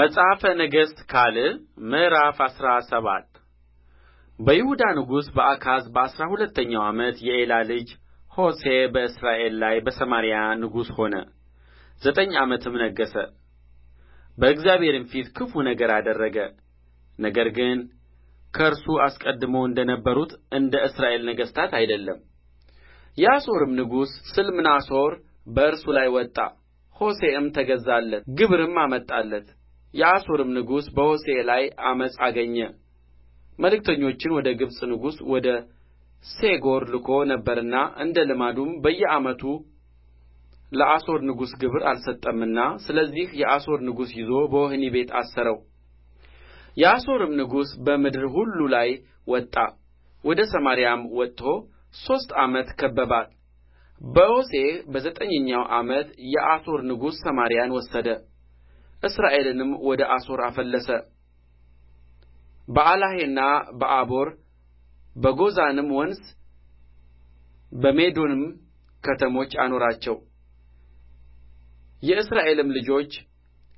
መጽሐፈ ነገሥት ካልዕ ምዕራፍ አስራ ሰባት በይሁዳ ንጉሥ በአካዝ በአሥራ ሁለተኛው ዓመት የኤላ ልጅ ሆሴዕ በእስራኤል ላይ በሰማርያ ንጉሥ ሆነ። ዘጠኝ ዓመትም ነገሠ። በእግዚአብሔርም ፊት ክፉ ነገር አደረገ። ነገር ግን ከእርሱ አስቀድሞ እንደ ነበሩት እንደ እስራኤል ነገሥታት አይደለም። የአሦርም ንጉሥ ስልምናሶር በእርሱ ላይ ወጣ። ሆሴዕም ተገዛለት፣ ግብርም አመጣለት። የአሦርም ንጉሥ በሆሴዕ ላይ ዓመፅ አገኘ መልእክተኞችን ወደ ግብጽ ንጉሥ ወደ ሴጎር ልኮ ነበርና እንደ ልማዱም በየዓመቱ ለአሦር ንጉሥ ግብር አልሰጠምና ስለዚህ የአሦር ንጉሥ ይዞ በወህኒ ቤት አሰረው። የአሦርም ንጉሥ በምድር ሁሉ ላይ ወጣ፣ ወደ ሰማርያም ወጥቶ ሦስት ዓመት ከበባት። በሆሴዕ በዘጠኝኛው ዓመት የአሦር ንጉሥ ሰማርያን ወሰደ። እስራኤልንም ወደ አሦር አፈለሰ በአላሔና በአቦር በጎዛንም ወንዝ በሜዶንም ከተሞች አኖራቸው። የእስራኤልም ልጆች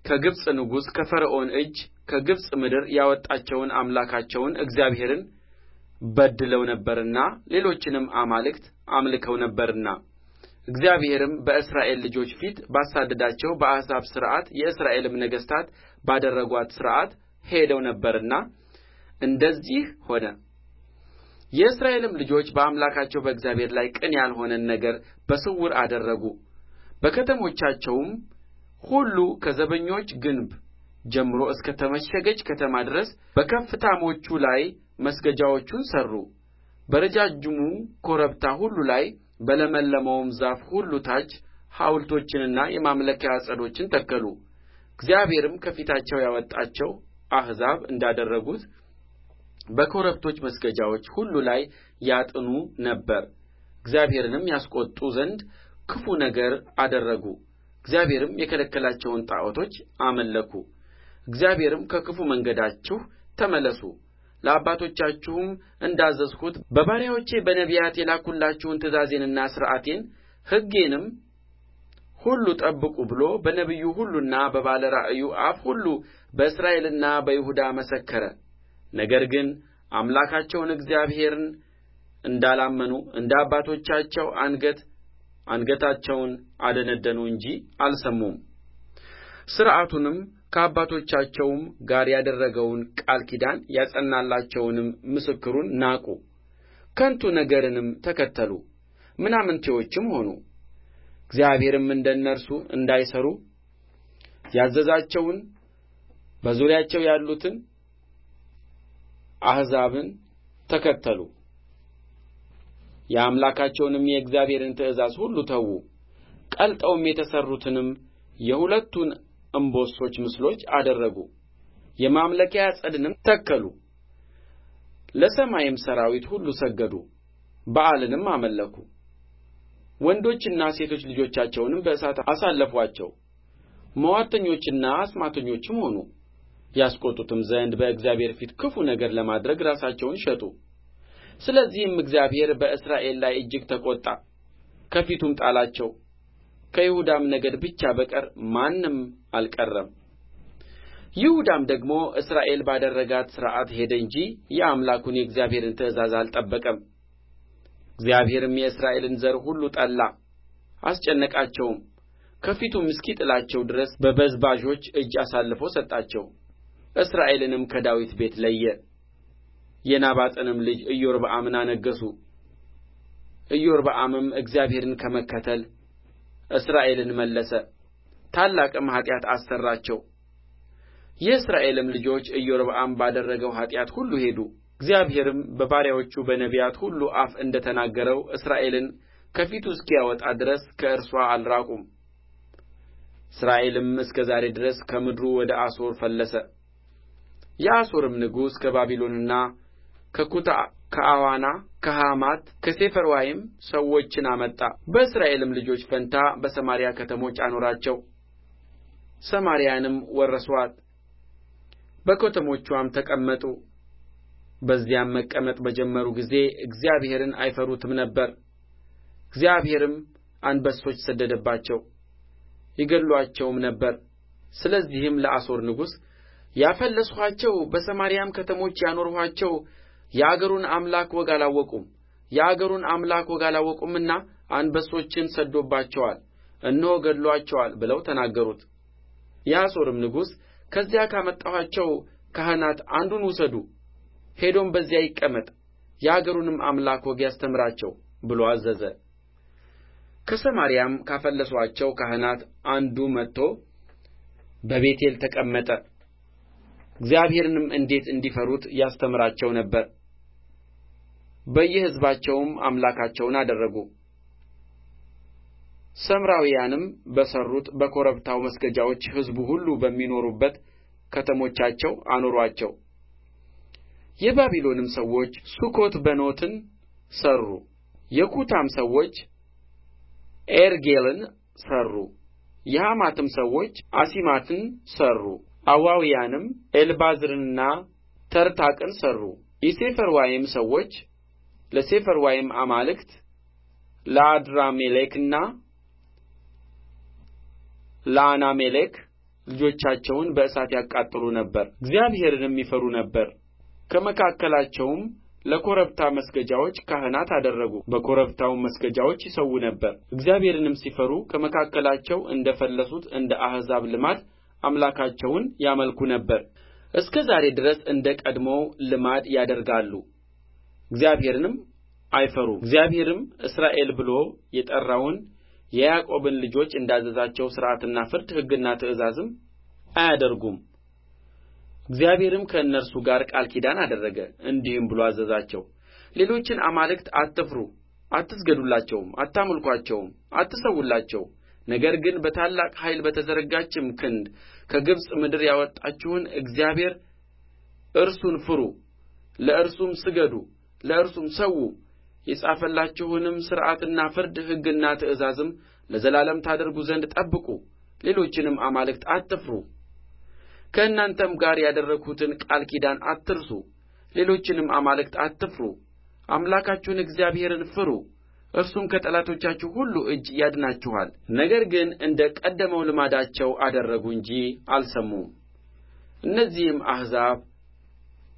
ከግብፅ ንጉሥ ከፈርዖን እጅ ከግብፅ ምድር ያወጣቸውን አምላካቸውን እግዚአብሔርን በድለው ነበርና ሌሎችንም አማልክት አምልከው ነበርና እግዚአብሔርም በእስራኤል ልጆች ፊት ባሳደዳቸው በአሕዛብ ሥርዓት የእስራኤልም ነገሥታት ባደረጓት ሥርዓት ሄደው ነበርና እንደዚህ ሆነ። የእስራኤልም ልጆች በአምላካቸው በእግዚአብሔር ላይ ቅን ያልሆነን ነገር በስውር አደረጉ። በከተሞቻቸውም ሁሉ ከዘበኞች ግንብ ጀምሮ እስከ ተመሸገች ከተማ ድረስ በከፍታሞቹ ላይ መስገጃዎቹን ሠሩ። በረጃጅሙ ኮረብታ ሁሉ ላይ በለመለመውም ዛፍ ሁሉ ታች ሐውልቶችንና የማምለኪያ ዐፀዶችን ተከሉ እግዚአብሔርም ከፊታቸው ያወጣቸው አሕዛብ እንዳደረጉት በኮረብቶች መስገጃዎች ሁሉ ላይ ያጥኑ ነበር እግዚአብሔርንም ያስቈጡ ዘንድ ክፉ ነገር አደረጉ እግዚአብሔርም የከለከላቸውን ጣዖቶች አመለኩ እግዚአብሔርም ከክፉ መንገዳችሁ ተመለሱ ለአባቶቻችሁም እንዳዘዝሁት በባሪያዎቼ በነቢያት የላክሁላችሁን ትእዛዜንና ሥርዓቴን ሕጌንም ሁሉ ጠብቁ ብሎ በነቢዩ ሁሉና በባለ ራእዩ አፍ ሁሉ በእስራኤልና በይሁዳ መሰከረ። ነገር ግን አምላካቸውን እግዚአብሔርን እንዳላመኑ እንደ አባቶቻቸው አንገት አንገታቸውን አደነደኑ እንጂ አልሰሙም ሥርዓቱንም ከአባቶቻቸውም ጋር ያደረገውን ቃል ኪዳን ያጸናላቸውንም ምስክሩን ናቁ ከንቱ ነገርንም ተከተሉ ምናምንቴዎችም ሆኑ እግዚአብሔርም እንደ እነርሱ እንዳይሠሩ ያዘዛቸውን በዙሪያቸው ያሉትን አሕዛብን ተከተሉ የአምላካቸውንም የእግዚአብሔርን ትእዛዝ ሁሉ ተዉ ቀልጠው የተሠሩትንም የሁለቱን እምቦሶች ምስሎች አደረጉ የማምለኪያ ዐፀድንም ተከሉ ለሰማይም ሠራዊት ሁሉ ሰገዱ በኣልንም አመለኩ ወንዶችና ሴቶች ልጆቻቸውንም በእሳት አሳለፉአቸው ምዋርተኞችና አስማተኞችም ሆኑ ያስቈጡትም ዘንድ በእግዚአብሔር ፊት ክፉ ነገር ለማድረግ ራሳቸውን ሸጡ ስለዚህም እግዚአብሔር በእስራኤል ላይ እጅግ ተቈጣ ከፊቱም ጣላቸው ከይሁዳም ነገድ ብቻ በቀር ማንም አልቀረም ይሁዳም ደግሞ እስራኤል ባደረጋት ሥርዓት ሄደ እንጂ የአምላኩን የእግዚአብሔርን ትእዛዝ አልጠበቀም እግዚአብሔርም የእስራኤልን ዘር ሁሉ ጠላ አስጨነቃቸውም ከፊቱም እስኪጥላቸው ድረስ በበዝባዦች እጅ አሳልፎ ሰጣቸው እስራኤልንም ከዳዊት ቤት ለየ የናባጥንም ልጅ ኢዮርብዓምን አነገሡ ኢዮርብዓምም እግዚአብሔርን ከመከተል እስራኤልን መለሰ ታላቅም ኃጢአት አሰራቸው! የእስራኤልም ልጆች ኢዮርብዓም ባደረገው ኃጢአት ሁሉ ሄዱ እግዚአብሔርም በባሪያዎቹ በነቢያት ሁሉ አፍ እንደ ተናገረው እስራኤልን ከፊቱ እስኪያወጣ ድረስ ከእርስዋ አልራቁም እስራኤልም እስከ ዛሬ ድረስ ከምድሩ ወደ አሦር ፈለሰ የአሦርም ንጉሥ ከባቢሎንና ከኩታ ከአዋና ከሐማት ከሴፈርዋይም ሰዎችን አመጣ በእስራኤልም ልጆች ፋንታ በሰማርያ ከተሞች አኖራቸው ሰማርያንም ወረሱአት በከተሞችዋም ተቀመጡ በዚያም መቀመጥ በጀመሩ ጊዜ እግዚአብሔርን አይፈሩትም ነበር እግዚአብሔርም አንበሶች ሰደደባቸው ይገድሉአቸውም ነበር ስለዚህም ለአሦር ንጉሥ ያፈለስኋቸው በሰማርያም ከተሞች ያኖርኋቸው የአገሩን አምላክ ወግ አላወቁም የአገሩን አምላክ ወግ አላወቁምና አንበሶችን ሰድዶባቸዋል እነሆ ገድሎአቸዋል ብለው ተናገሩት የአሦርም ንጉሥ ከዚያ ካመጣኋቸው ካህናት አንዱን ውሰዱ ሄዶም በዚያ ይቀመጥ የአገሩንም አምላክ ወግ ያስተምራቸው ብሎ አዘዘ ከሰማርያም ካፈለሱአቸው ካህናት አንዱ መጥቶ በቤቴል ተቀመጠ እግዚአብሔርንም እንዴት እንዲፈሩት ያስተምራቸው ነበር በየሕዝባቸውም አምላካቸውን አደረጉ ሰምራውያንም በሠሩት በኮረብታው መስገጃዎች ሕዝቡ ሁሉ በሚኖሩበት ከተሞቻቸው አኖሩአቸው የባቢሎንም ሰዎች ሱኮት በኖትን ሠሩ የኩታም ሰዎች ኤርጌልን ሠሩ የሐማትም ሰዎች አሲማትን ሠሩ አዋውያንም ኤልባዝርንና ተርታቅን ሠሩ የሴፈርዋይም ሰዎች ለሴፈርዋይም አማልክት ለአድራሜሌክና ለአናሜሌክ ልጆቻቸውን በእሳት ያቃጥሉ ነበር እግዚአብሔርንም ይፈሩ ነበር ከመካከላቸውም ለኮረብታ መስገጃዎች ካህናት አደረጉ በኮረብታውም መስገጃዎች ይሠዉ ነበር እግዚአብሔርንም ሲፈሩ ከመካከላቸው እንደ ፈለሱት እንደ አሕዛብ ልማድ አምላካቸውን ያመልኩ ነበር እስከ ዛሬ ድረስ እንደ ቀድሞው ልማድ ያደርጋሉ እግዚአብሔርንም አይፈሩም እግዚአብሔርም እስራኤል ብሎ የጠራውን የያዕቆብን ልጆች እንዳዘዛቸው ሥርዓትና ፍርድ ሕግና ትእዛዝም አያደርጉም እግዚአብሔርም ከእነርሱ ጋር ቃል ኪዳን አደረገ እንዲህም ብሎ አዘዛቸው ሌሎችን አማልክት አትፍሩ አትስገዱላቸውም አታምልኩአቸውም አትሰውላቸው ነገር ግን በታላቅ ኃይል በተዘረጋችም ክንድ ከግብፅ ምድር ያወጣችሁን እግዚአብሔር እርሱን ፍሩ ለእርሱም ስገዱ ለእርሱም ሠዉ የጻፈላችሁንም ሥርዓትና ፍርድ ሕግና ትእዛዝም ለዘላለም ታደርጉ ዘንድ ጠብቁ ሌሎችንም አማልክት አትፍሩ ከእናንተም ጋር ያደረግሁትን ቃል ኪዳን አትርሱ ሌሎችንም አማልክት አትፍሩ አምላካችሁን እግዚአብሔርን ፍሩ እርሱም ከጠላቶቻችሁ ሁሉ እጅ ያድናችኋል ነገር ግን እንደ ቀደመው ልማዳቸው አደረጉ እንጂ አልሰሙም እነዚህም አሕዛብ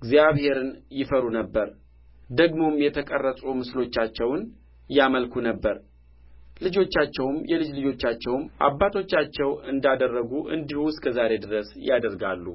እግዚአብሔርን ይፈሩ ነበር ደግሞም የተቀረጹ ምስሎቻቸውን ያመልኩ ነበር ልጆቻቸውም የልጅ ልጆቻቸውም አባቶቻቸው እንዳደረጉ እንዲሁ እስከ ዛሬ ድረስ ያደርጋሉ